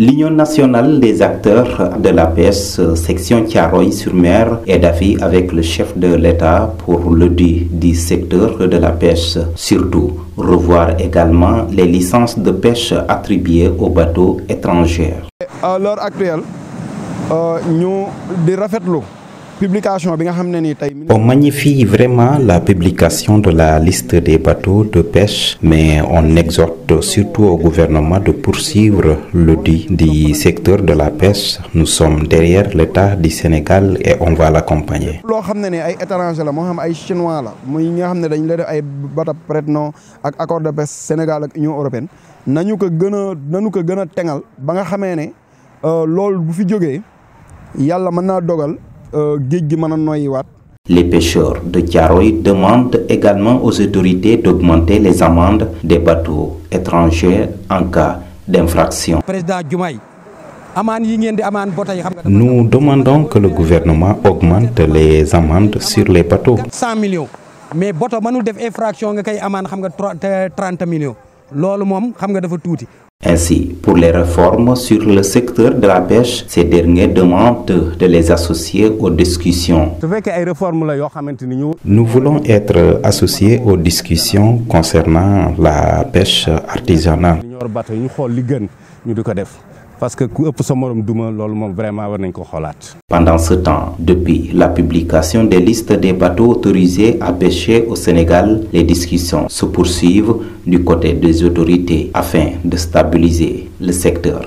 L'Union nationale des acteurs de la l'APS section Tiaroy-sur-Mer est d'avis avec le chef de l'État pour le du, du secteur de la pêche, surtout revoir également les licences de pêche attribuées aux bateaux étrangers. À l'heure actuelle, euh, ñu di rafetlu publication bi nga xam ne ni tey. on magnifie vraiment la publication de la liste des bateaux de pêche mais on exhorte surtout au gouvernement de poursuivre l'audit du secteur de la pêche nous sommes derrière l'État du Sénégal et on va l'accompagner. loo xam ne ni ay étranger la moo xam ay chinois la mooy ñi nga xam ne dañ la def ay bateau prête-nom ak accord de pêche Sénégal ak Union européenne nañu ko gën a nañu ko gën a tengal ba nga xamee ne euh, lool bu fi jógee yàlla mën naa dogal. Euh, géej gi mën a noyyiwaat. Les pêcheurs de Thiaroye demandent également aux autorités d'augmenter les amendes des bateaux étrangers en cas d'infraction. Président Diomaye Nous demandons que le gouvernement augmente les amendes sur les bateaux. 100 millions mais bateau mënul def infraction nga koy amende xam nga trente millions loolu moom xam nga dafa tuuti Ainsi, pour les réformes sur le secteur de la pêche, ces derniers demandent de les associer aux discussions. Nous voulons être associés aux discussions concernant la pêche artisanale. parce que ku ëpp sa morom duma loolu moom vraiment war nañ ko xoolaat. Pendant ce temps, depuis la publication des listes des bateaux autorisés à pêcher au Sénégal, les discussions se poursuivent du côté des autorités afin de stabiliser le secteur.